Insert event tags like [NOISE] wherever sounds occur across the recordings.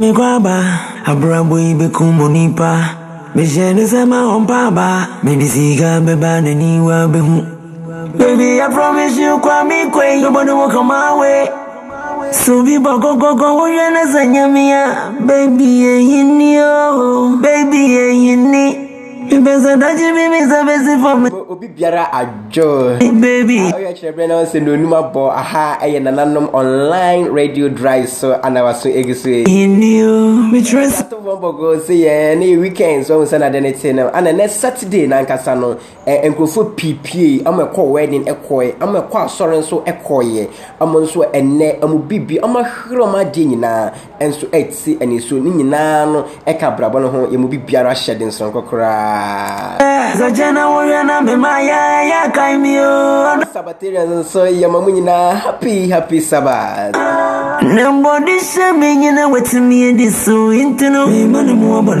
Me graba, abrabo ibe kumbonipa Mejene sema ompaba Maybe siga beba neniwa behu Baby I promise you kwa mikwe Nobody will come my way So be boko koko uyene sanyamia Baby eh yini oh Baby eh yini obi biara adwo ɔyɛ kyerɛberɛ na sɛ na onum abɔ aha ɛyɛ nananom online radio drive so anawa so ɛgu so ɛtobɔbɔgo sɛ yɛ ne yɛ weekend so ahu sɛ nade ne tee no ana nɛ saturday nankasa no nkurɔfoɔ piipie ama ɛkɔ wedding ɛkɔɛ ama ɛkɔ asɔre nso ɛkɔɔyɛ ama nso ɛnɛ ɔmo bibi ɔmo ahwerɛ ɔmo adeɛ nyinaa ɛnso ɛti ɛne so ne nyinaa no ɛka abrabɔ no ho yɛ bibiara hyɛ de nsonko koraa zojana woyana memaya yakaimio sabatira zoso yamamwinyina happy happy sabat nambodisha menyina watumie diso intino mimane muwabona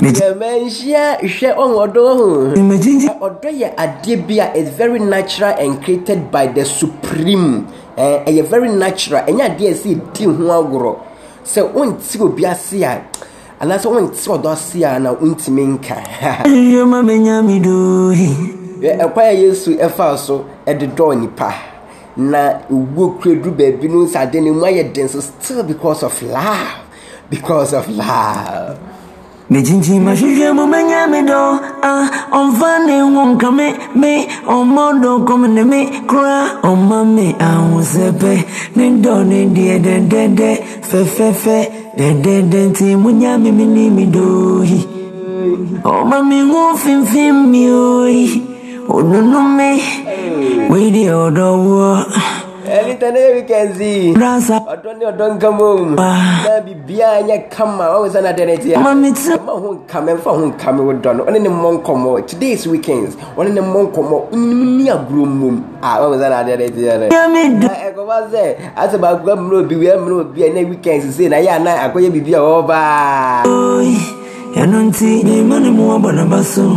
mɛnhyia hwɛ ɔnɔdɔ ho ɔdɔ yɛ adeɛ bi a is very natural and created by the supreme ɛyɛ very natural ɛnyɛ adeɛ ɛsɛ di ho agorɔ sɛ wonti obi ase a anaasɛ wonti ɔdɔ ase a na wontumi nka ɛma menya me do ɛkwa a yesu ɛfa so ɛde dɔɔ nipa na owuo kura duru baabi no sɛ ade no mu ayɛ den so still because of love because of love megyinti mahwehwɛ mu mɛnyɛ me dɔ a ɔmfa ne ho nka me me ɔmmɔdɔ kɔm ne me kora ɔma me ahosɛpɛ ne dɔ ne deɛ dɛdɛdɛ fɛfɛfɛ dɛdɛdɛ nti monya me me ne me dɔyi ɔma me ho fimfim mioyi ɔnono me weideɛ ɔdɔwoɔ elintane wikenzi ɔdɔne ɔdɔ nka mom na biribiaa nyɛ kama wawo sɛ nadeneteama ho nkame mfa ho nkame wo dɔno ɔne ne mmɔ nkɔmmɔ todays weekends ɔne ne mmɔ nkɔmmɔ wonim ni agorɔ mmom a wawo sɛ nadeneteɛ no ɛkɔfa sɛ asɛ baakua mmerɛ obi wia mmerɛ obi a na weekends sei na yɛ ana akɔyɛ biribi a wɔbaa ɛno nti ne ma ne mu wabɔ ne ba so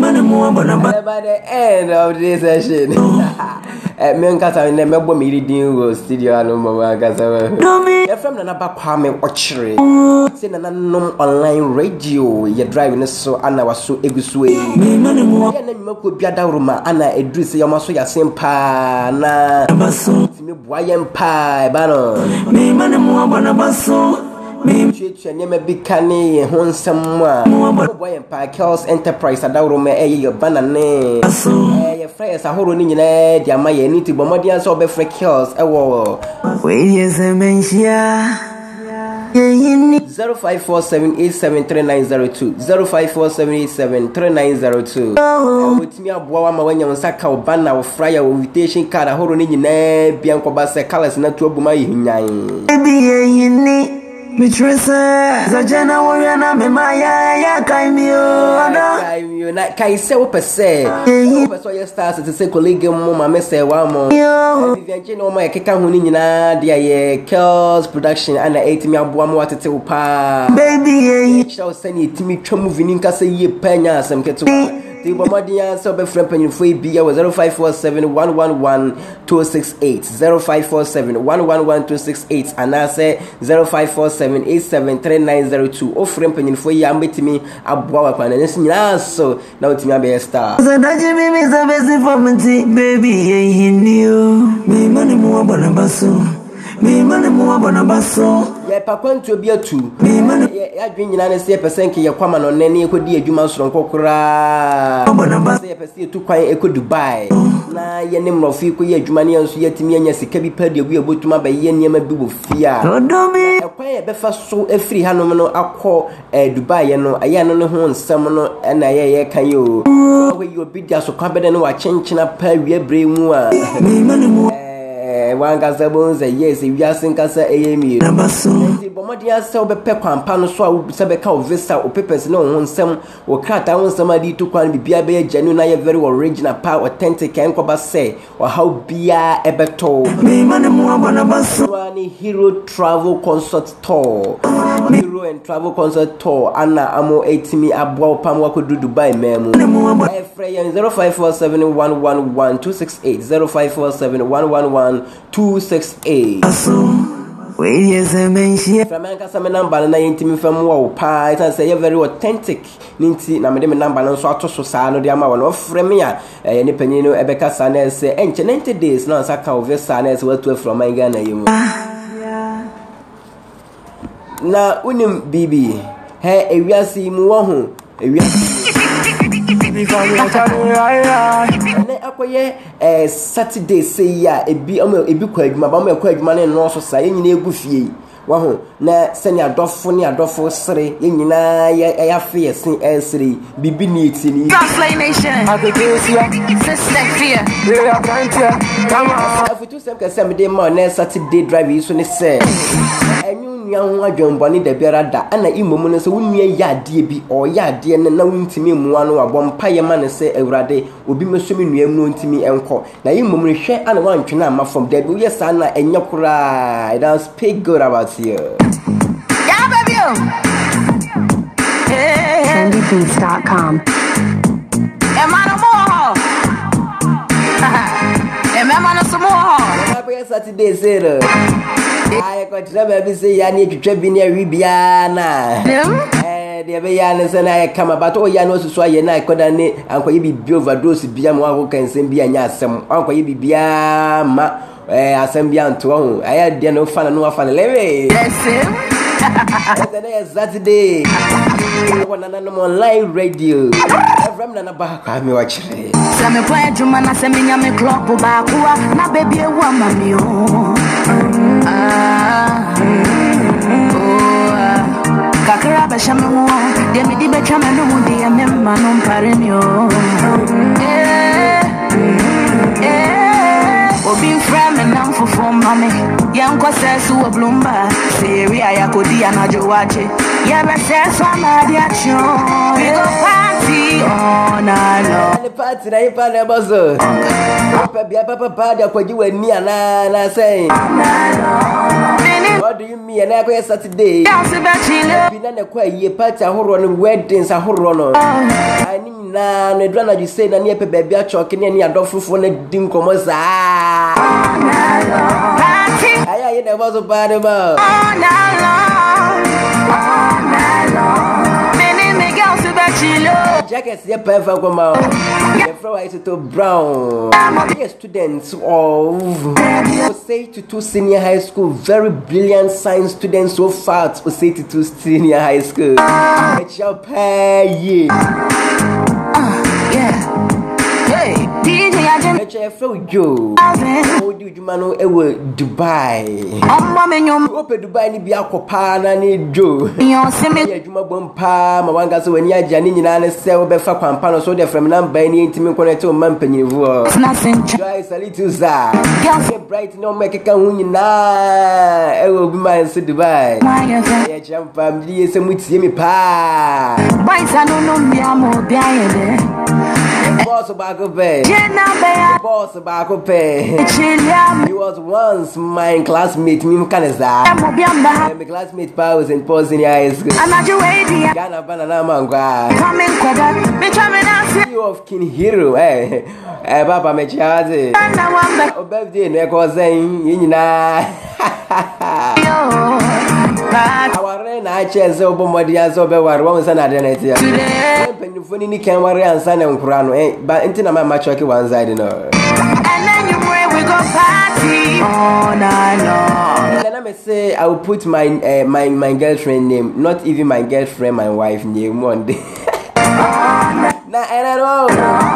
by the end of this session me nkasa ne mɛbɔ me yiri din wɔ studio ano ma ma nkasa wɛ yɛfrɛ m nana ba kwame ɔkyere sɛ nana nom online radio yɛ drive ne so ana waso egu so yi yɛ na nnwuma kuo bi adaworo ma ana ɛduru sɛ yɛma so yɛasen pa na tumi boa yɛn paa ɛba no twetwa nneɛma bi ka ne yɛn ho nsɛm a wɔbɔ yɛn paa enterprise adaworo ma ɛyɛ yɛ bana ne yɛ frɛ yɛ sahoro nyinaa de ama yɛn ne ti bɔ sɛ wɔbɛfrɛ kels ɛwɔ. wɔyɛ sɛ mɛnhyia. 0547873902 aboa wa ma wanya wo nsa ka wo ba na wo yɛ wo invitation card ahorow no nyinaa bia nkɔba sɛ colors na to ma yɛ hinyan mekyerɛ sɛ sɛgyɛ na wowie oh, oh, eh, na mema yɛyɛ kae mi kae sɛ wopɛ sɛ se sɛ ɔyɛ stars te sɛ kolege mu mame sɛ woamɔ viviangye ne ɔma yɛkeka ho no nyinaa de ayɛ kels production ana ɛtumi eh, aboa ma watete wo paa kyerɛ wo sɛne ɛtumi twa mu vini nkasɛ yie paa nya asɛm ketewa nti bɔmmɔden a sɛ wobɛfrɛ mpanyimfoɔ yi bi ɛwɔ 0547 111 268 0547 111 268 anaasɛ 0547 873902 wofrɛ mpanyimfoɔ yi a mbɛtumi aboa wɔ akwana no so nyinaa so na wotumi abɛyɛ star sɛ dagye bi mi sɛ bɛsi fam nti baabi yɛhinni o meima ne mu wabɔ ne ba so mema ne mu abɔ naba so yɛpa kwantuo bi atu yɛadwe nyinaa ne sɛ yɛpɛ sɛ nke yɛkwama no nnɛ ne yɛkɔdi adwuma soronko dubai na yɛne mmorɔfo yi kɔyɛ adwuma ne yɛnso yɛatumi anya sika bi pa de agu yɛbɔtumi abɛyɛ nneɛma dubai no ɛyɛ no ne ho nsɛm no ɛna e ɛyɛ yɛka yɛ o hɔ yi obi di asokwa e mu wankasa bɛhu sɛ yes wiase nkasa ɛyɛ mmienu bɔmmɔden asɛ wobɛpɛ kwampa no so a sɛ bɛka wo visa wo papers ne wo ho nsɛm wo krataa ho nsɛm ade to kwan biribia bɛyɛ gyanu na yɛ very original pa authentic ɛnkɔba sɛ ɔhaw biaa ɛbɛtɔ ne hero travel concert tour hero and travel concert tour ana amo ɛtumi aboa wo pam wakɔdu dubai ma mu ɛfrɛ yɛn 0547111268 One 268 frɛ me ankasa me number na yɛntimi mfa mu wɔ wo paa very authentic ne na mede me number no nso ato so saa no de ama wɔ no no ɛbɛka saa ah, na ɛsɛ ɛnkyɛ 90 na ansa ka wɔvɛ saa na ɛsɛ woatu afiri ɔman na wonim biribi hɛ ewiase yi mu wɔ ho ewiase ɛnɛ akɔyɛ ɛɛ a ebi ɔmo ebi kɔ adwuma ba ɔmo ɛkɔ adwuma ne nnɔɔso saa yɛn nyinaa egu fie wahu na sani adɔfo ne adɔfo sere yɛn nyinaa yɛ ɛyafe yɛsen ɛnsere bibi ne eti ne yi. nation. akekesia. sisile fear. rere aberanteɛ. kama. afutu sɛm kɛse a mi de ma ɔnɛ saturday drive yi so ne sɛ nua ho adwambɔne da biara da ana mmom no sɛ wo nua yɛ adeɛ bi ɔyɛ adeɛ no na wontumi mmoa no wabɔ mpayɛ ma no sɛ awurade obi mɛso me nua mu no ntumi nkɔ na mmom no hwɛ ana woantwene ama fam da bi woyɛ saa na ɛnyɛ koraa it does pay good about you yeah, baby, am I no more ɛyɛ saturday sale yɛkɔkyerɛ baabi sɛ yia ne yɛtwitwa bi ne awi biaa no a deɛ ɛbɛyɛ ne sɛ no ayɛ kama bato ɔyɛ no ɔsusu ayɛ no akɔda ne ankɔyɛ biribi overdose bia ma woakokɔ nsɛm bi anyɛ asɛm ankɔyɛ biribiaa ma asɛm bi antoa ho ɛyɛ deɛ no wofa no no wafa no leve ɛsɛ no yɛ saturday wɔ nananom online radio avram na naba kwa me wakyere sɛ mepɔ adwuma na me clɔp baako a na baabi awu ama me o kakra bɛhyɛ me ho a deɛ mede me no mu deɛ memma no mpare eh, eh. me o obi mfrɛ me nam fofoɔ ma me yɛnkɔ sɛ so wɔ blomba sɛ yɛwie a yɛakɔdi anadwo wagye yɛbɛsɛ so amaade akyeɛ party on alone. Ni party na ipa na bozo. Papa bia na say. What do you mean? Na kwa Saturday. Bina party ahoro no weddings ahoro no. Ani na na dra na na ni epe baabi atwok ne ni adofofo di nkomo saa. Aya ye na bozo party ba. jacket yɛ pɛɛfɛ kɔma yɛfrɛ wa yɛtoto brown yɛ students of osei 2 senior high school very brilliant science students so far at osei 2 senior high school ɛkyia pay yie. ɛkyɛ ɛfrɛ wo dwo wodi adwuma no ɛwɔ dubai wopɛ dubai no bi akɔ paa na ne dwo yɛ adwuma bom paa ma wanka sɛ w'ani agya ne nyinaa ne sɛ wobɛfa kwampa no so wode afrɛm namba ni ɛntimi nkɔ no ɛte wo ma mpanyinifoɔ joy salito sa yɛ bright ne ɔma ɛkeka ho nyinaa ɛwɔ obi ma nso dubai yɛkyerɛ mpa mede yɛ sɛ motie me paa Boss Bakupe. Boss Bakupe. He was once my classmate, Mim Kaneza. My classmate pa was in Bosnia High School. Ghana Banana Mangwa. You of King Hero, eh? Eh, Papa Mechiazi. Obevdi, Neko Zen, Yinina. Yo pride. Eh? me say I will put my uh, my my girlfriend name, not even my girlfriend, my wife name one day. [LAUGHS] nah, I don't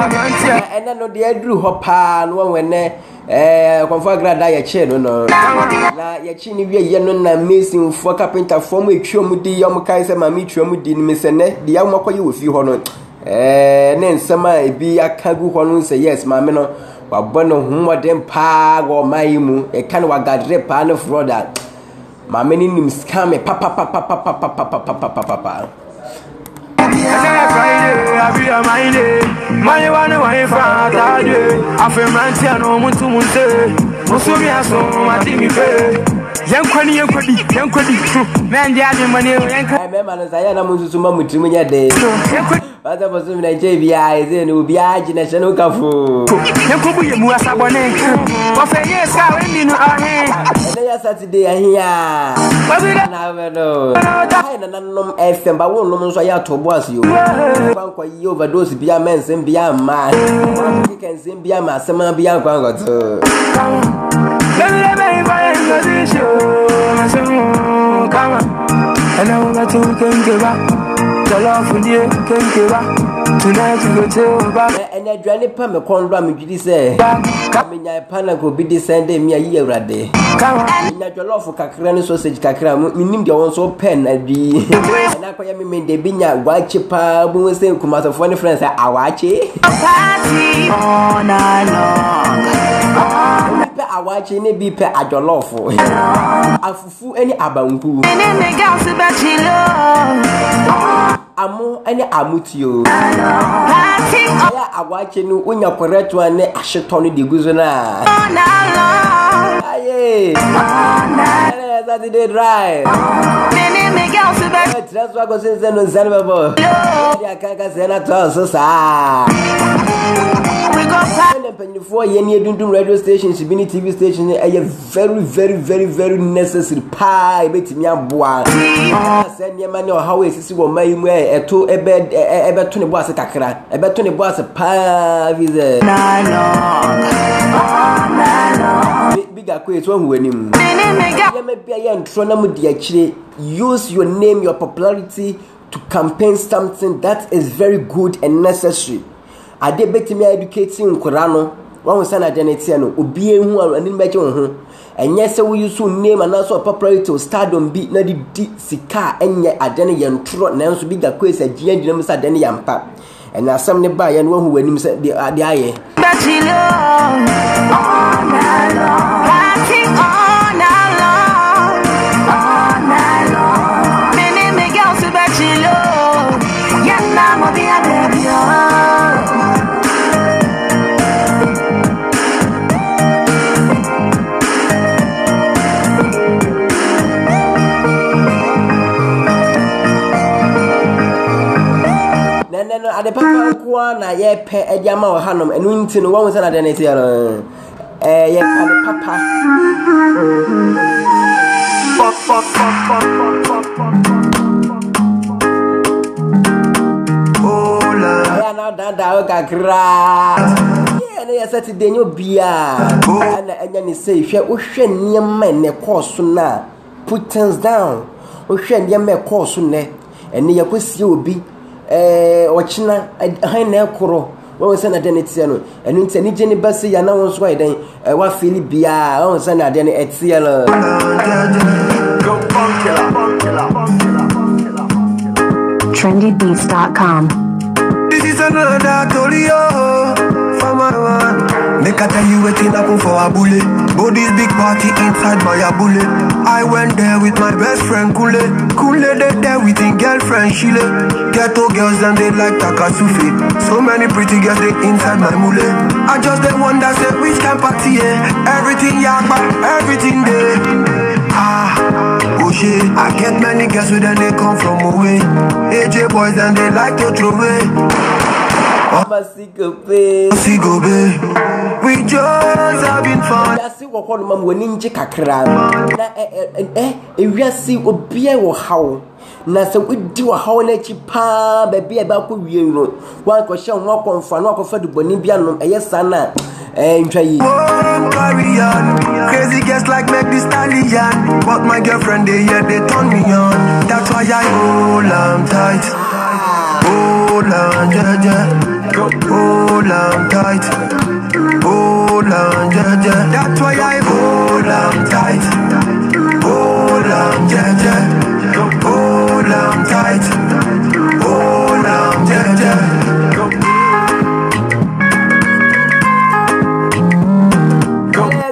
ɛnɛ no deɛ aduru hɔ paa no wɔn ɛnɛ ɛɛ kɔnfɔ no no na yɛkyi no wie no na mesinfoɔ kapentafoɔ mo etwa mu di yɛ mo sɛ maame etwa mu di no mi nɛ deɛ wɔn wɔ fie hɔ no ne nsɛm a ebi aka gu hɔ no sɛ yɛs maame no wabɔ ne ho paa wɔ ɔman yi mu ɛka no wagadere paa ne forɔ maame no nim scam papapapapapapapapapa. Friday, I be a Monday. My one away for I feel my tea and no one to Monday. Musubi has so much to be paid yɛnkɔni yɛnkɔdi yɛnkɔdi mɛndi adi mɔni yɛnkɔdi. mɛma no saa yɛ na mo nsusu ma mo tirimu nyɛ den. wasa bɔsɔ mi na nkyɛn biara ɛsɛ no obiara gyina hyɛ no kafo. yɛnkɔbu yɛ mu asabɔne wɔfɛ yɛ sika a wɔnni no ɔhe. ɛnɛ yɛ satide ahia. wɔbi dɛ. na we no. ayi nananom ɛfɛn ba wɔn nom nso ayɛ atɔ bɔs yo. kwankɔ yi overdose bia mɛnsɛn bia mmaa. kikɛnsɛn bia maa sɛmaa bia kwankɔtɔ. bɛbi dɛ bɛyi bɔ position sun kama ẹnna wọn bá tún kéńké bá tọ́lọ́ fún díẹ̀ kéńké bá tonight you go tell bá. ẹnna aduane pa mi kọ́ ńlọ àmì gidi sẹ́ mi nya panna kò bi di sẹ́ndé mi ayé ewurade mi nya jọlọ́ọ̀fù kakra ní sausage kakra mi nim deɛ wɔn nso pɛn adi ɛnna akɔyɛ mi mi de bi nya waakye paa bi wɔn sɛ nkumasɔfoɔ ne fɛn sɛ awaakye. party all night long awakye ne bi pɛ adwɔlɔfo afufu ne abampu amo ne amutuo ɛyɛ awakye no wonya kɔrɛtoa ne ahyetɔ no de gu so no a aye Saturday drive. Tira sua consciência no cérebro. E a caca cena toda, só na mpanyinfoɔ yɛ ne edundum radio stations bi ne tv stations ɛyɛ very very very very necessary paa ebetumi aboa sɛ nneɛma ne ɔhaw esisi wɔ ɔman yi mu ɛ ɛto ɛbɛ ɛbɛto ne bo ase kakra ɛbɛto ne bo ase paa fi sɛ bigger quit wɔn wɔ anim nneɛma bi a yɛ ntorɔ na mu di akyire use your name your popularity to campaign something that is very good and necessary adeɛ bɛtumi educate nkora no wɔn sɛ n'adeɛ ne teɛ no obi ehu anim bɛgye wɔn ho ɛnyɛ sɛ woyi so nneɛma nanso ɔpaparato stardom bi na de di sika a ɛnyɛ adeɛ no yɛ ntorɔ nanso bi ga kwesi agyina gyina mu sɛ adeɛ no yɛ mpa ɛna asɛm ne baayɛ no wɔn ho wɔn anim sɛ deɛ ayɛ. ade papa ah. na yɛpɛ ɛde ama wɔ hanom ɛno nti no wɔn sɛ na deɛ ne papa. kakraa yɛ sɛ nyɛ ɛnya ne sɛ hwɛ wohwɛ nneɛma ɛnɛ no a put things down wohwɛ nneɛma ɛne yɛkɔsie obi ɔkyena eh, eh, na wɔn sɛ nadeɛ teɛ no ɛnu ne ba na wɔn nso ayɛ dɛn ɛwɔ wɔn sɛ nadeɛ ɛteɛ no. trendybeats.com This is another Make I tell you happen for big party inside my I went there with my best friend Kule. Kule they there with his girlfriend Shile. Ghetto girls and they like Takasufi. So many pretty girls they inside my mule. I just the one that said which can party Everything yeah, but everything there. Ah, oh shit. I get many girls with them they come from away. Oh, eh. AJ boys and they like to throw away. Eh. wiase wɔ hɔ noma m'ani ngye kakra na ewiase obiara wɔ haw na sɛ wodi wɔ haw no akyi paa baabi a ɛbɛakɔ wie no woankɔhyɛ ho akɔmfa no wakɔfa dubɔne bi anom ɛyɛ saa no a ntwa yi. Crazy girls like Meg Thee Stallion But my girlfriend they hear they turn me on That's why I hold am Hold on tight, hold on yeah, yeah. That's why I hold on tight, hold on yeah, yeah. Hold on tight, hold on yeah, yeah.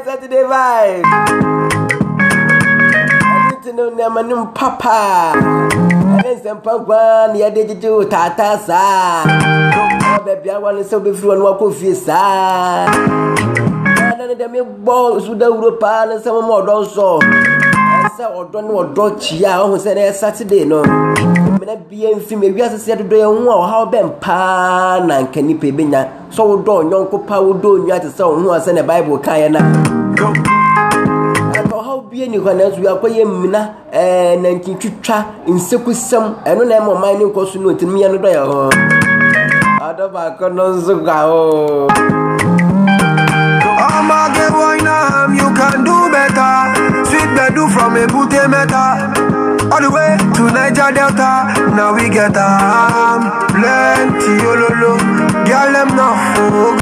that's the vibe. I need Everything on my and papa. And then some punk one, yeah, they do tata sa. bɛbia wane sɛ wobɛfiri nwa wakɔ fie saa nane deɛ megbɔ so da wuro paa ne sɛ moma ɔdɔ nsɔ ɛsɛ ɔdɔ ne ɔdɔ kyia ɔhu sɛ ne ɛsatede no mena bia mfim ɛwia seseɛ dodɔ yɛ ho a ɔhaw bɛn paa na nka nipa ɛbɛnya sɛ wodɔ ɔnyɔnko paa wodɔ nnwa te sɛ wo a sɛne bible kaeɛ no bia ni hɔ nanso yɛakɔyɛ mmina nantintwitwa nsekusɛm ɛno na ɛma ɔman ne nkɔ so no ɔtinimyɛ no dɔ yɛ hada bakonon zuga o. ọmọge wọnyam you can do better sweet gbedu from a ebute mẹ́ta all the way to naija delta Now we get am plenty ololo girl dem na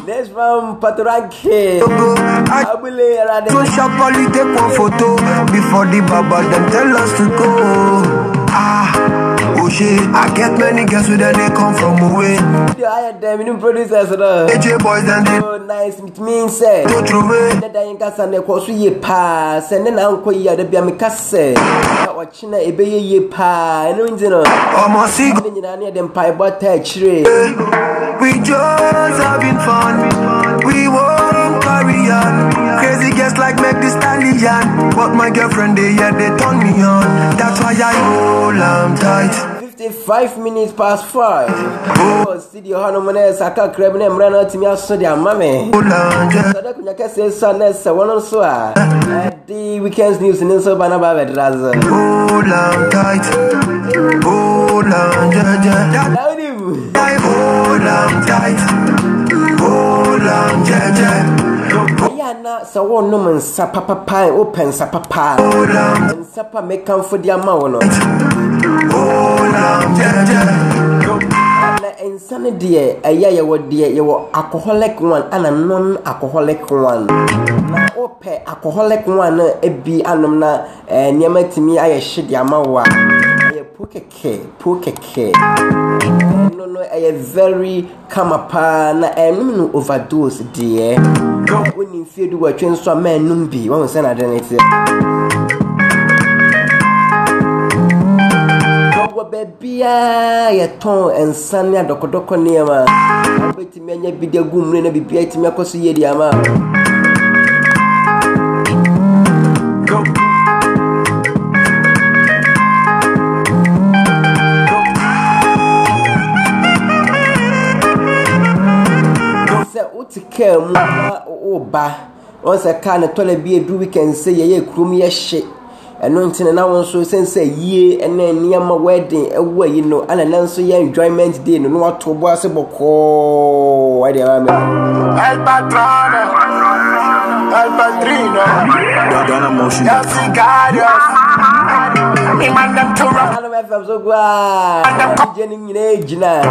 next round patoranke. abule yarade. tún ṣàpọ̀lì take one photo before the baba dem tell us to go. Ah. Oshie. Oh, I get many girls with them, they come from away. I had them, in producers, no? AJ boys and they. Oh, nice, it means, eh. Go through me. Dada yinka sane kwa su ye pa. Sene na unko yi adebia mikase. Ya wachina ebe ye ye pa. Eno nje no. Omo si. I nyina ni adem pa ebo te chire. We just having fun. We won't carry on. Crazy girls like make this stallion. But my girlfriend, they yeah, they turn me on. That's why I hold them tight. 55 minutes past five. Oh, studio hɔ nom ne saka kra bi ne mmerɛ no atumi aso de ama me sɛdɛ konya kɛseɛ so a na sɛ wɔno nso a ɛde weekends news ne nso ba na ba bɛdra ze na sɛ wɔnom nsa papapa wopɛ nsa papa nsa pa mekamfo de ama wo no nsane deɛ ɛyɛ yɛwɔ deɛ yɛwɔ alcoholic one ana non alcoholic one na wopɛ alcoholic one no ebi anum na ɛɛ nneɛma tumi ayɛ hye de ama wo a ɛyɛ po kɛkɛ po kɛkɛ ɛno no ɛyɛ very kama paa na ɛnum no overdose deɛ wɔn nyimfie do wɔtwe nso a mɛnum bi wɔn sɛ na adeɛ ne teɛ. baabiaa yɛtɔn nsa ne adɔkɔdɔkɔ nneɛma wobɛtumi anya bi de agu mmere na biribia atumi akɔ so yɛdi ama sɛ wote kaa mu na woba ɔn sɛ kaa ne tɔla bi ɛduru weekend sɛ yɛyɛ kurom yɛhye ɛno nti no na wɔn nso sɛn sɛ yie ɛna nneɛma wedding ɛwɔ yi no ɛna nan nso yɛ enjoyment day no na wato bo ase bɔkɔɔ ɛde ɛma mi. ɛlpatrona ɛlpatrino. dɔdɔn na mɔ su. yasi gaadiɔs. Adam FM so glad. DJ ni nyine gyina.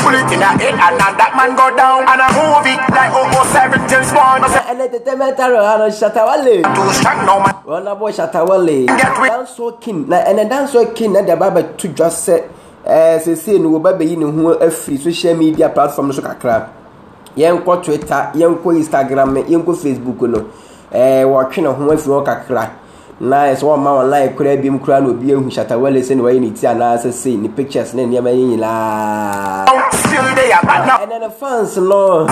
Pull it in the head and that man go down and oh oh I move it like 007 James Bond. Ẹnẹ the mẹ́ta rẹ̀ hàn ṣàtàwálè. Too strong no man. Wọ́n náà bọ̀ ṣàtàwálè. Danso king na ẹnẹ danso king na dẹ̀ bá bẹ̀ tu jọ sẹ́ ẹ̀ say. ni wọ́n bá bẹ̀ yí ni ho afiri social media platform so kakra. Yẹn Twitter, yẹn kọ́ Instagram, yẹn kọ́ Facebook no. Ɛɛ wɔtwe ne ho afiri hɔ kakra na ɛsɛ wɔn ma wɔn line kura bi mu kura na obi ehu shatawale sɛ na wɔyɛ ne ti anaasɛ se ne pictures ne nneɛma yi nyinaa. ɛnna ne fans no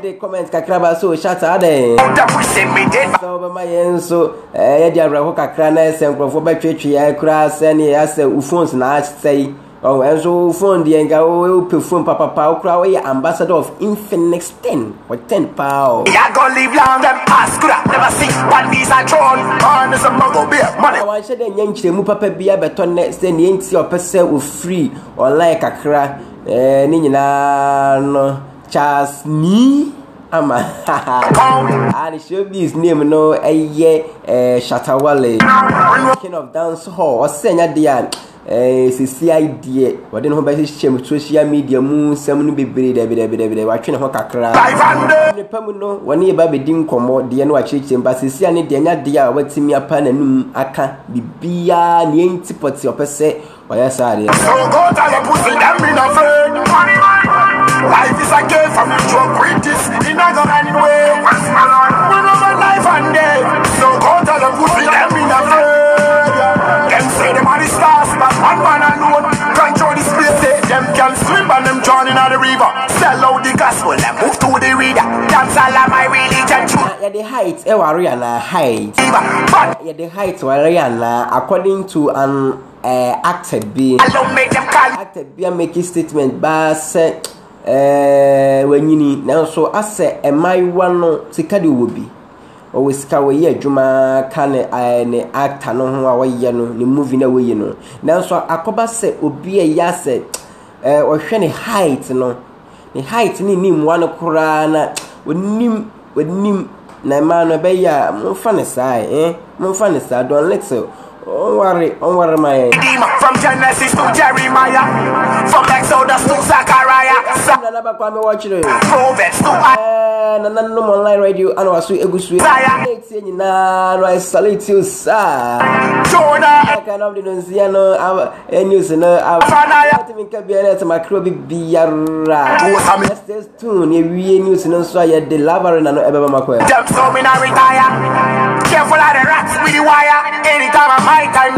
de comment kakraba so shata adɛn. sɛ wɔbɛma yɛn nso ɛyɛ de awerɛho kakra na ɛsɛ nkurɔfoɔ bɛtwetwe yɛn kura sɛ ne yɛ asɛ ufons na asɛ yi ɛnso oh, phone deɛ nka wopɛ phone papapa wo koraa woyɛ ambassador of infinix 10 or 10 paa o wanhyɛ dɛ nyɛ nkyerɛmu papa bia bɛtɔ nɛ sɛ neɛ nti ɔpɛ sɛ ɔfiri online kakra ne nyinaa no charles nii ama [LAUGHS] and showbiz name no ɛyɛ ɛɛ eh, shatawale king of dance hall ɔsɛ ɛnya deɛ a sisi adeɛ wɔde ne ho bɛhyehyɛ mu social media mu nsɛm no bebree dɛbi dɛbi dɛbi dɛbi watwe ne ho kakra nipa mu no wɔne yɛ ba bɛdi nkɔmɔ deɛ no wakyerɛkyerɛ mba sisi a ne deɛ ɛnya deɛ a wɔatumi apa n'anum aka bibiaa ne yɛn ti pɔte ɔpɛ sɛ ɔyɛ saa adeɛ. so go tell your pussy dem be na fake life is a game for mutual critics. go anyway. What's my life? and death. So go tell them afraid. Them say them are the stars, but one man alone control the space. They them can swim and them the river. Sell out the gospel and move to the reader. Dance all of my religion. Yeah, the height, eh, Wariana, uh, height. Yeah, the height, uh, according to an uh, actor B. Actor B, I make a statement, but. Uh, ɛɛɛ wɔanyini nanso asɛ mmaayewa no sika deɛ wɔ bi ɔwɔ sika wɔyɛ adwuma ka ne ne acta no ho a wɔyɛ no ne movie no a wɔyi no nanso akɔba sɛ obi a ɛyɛ asɛ ɛɛ ɔhwɛ ne height no ne height ne ne mmoa no koraa na onim onim na mmaa no ɛbɛyɛ a momfa ne saa ɛɛ momfa ne saa don little. Don't worry, don't worry, my From Genesis to Jeremiah, from Exodus to Zachariah. Proverbs to I. na nan nom online radio ana waso egusu tie nyinaa no i salute you sir jonah kan of the nsia no eh, news no ati min ka bia na ta makro bi biara stay tuned ye wie news no so ya delivery na no ebeba makwa dem so me na retire careful at the rats with the wire anytime I'm high time.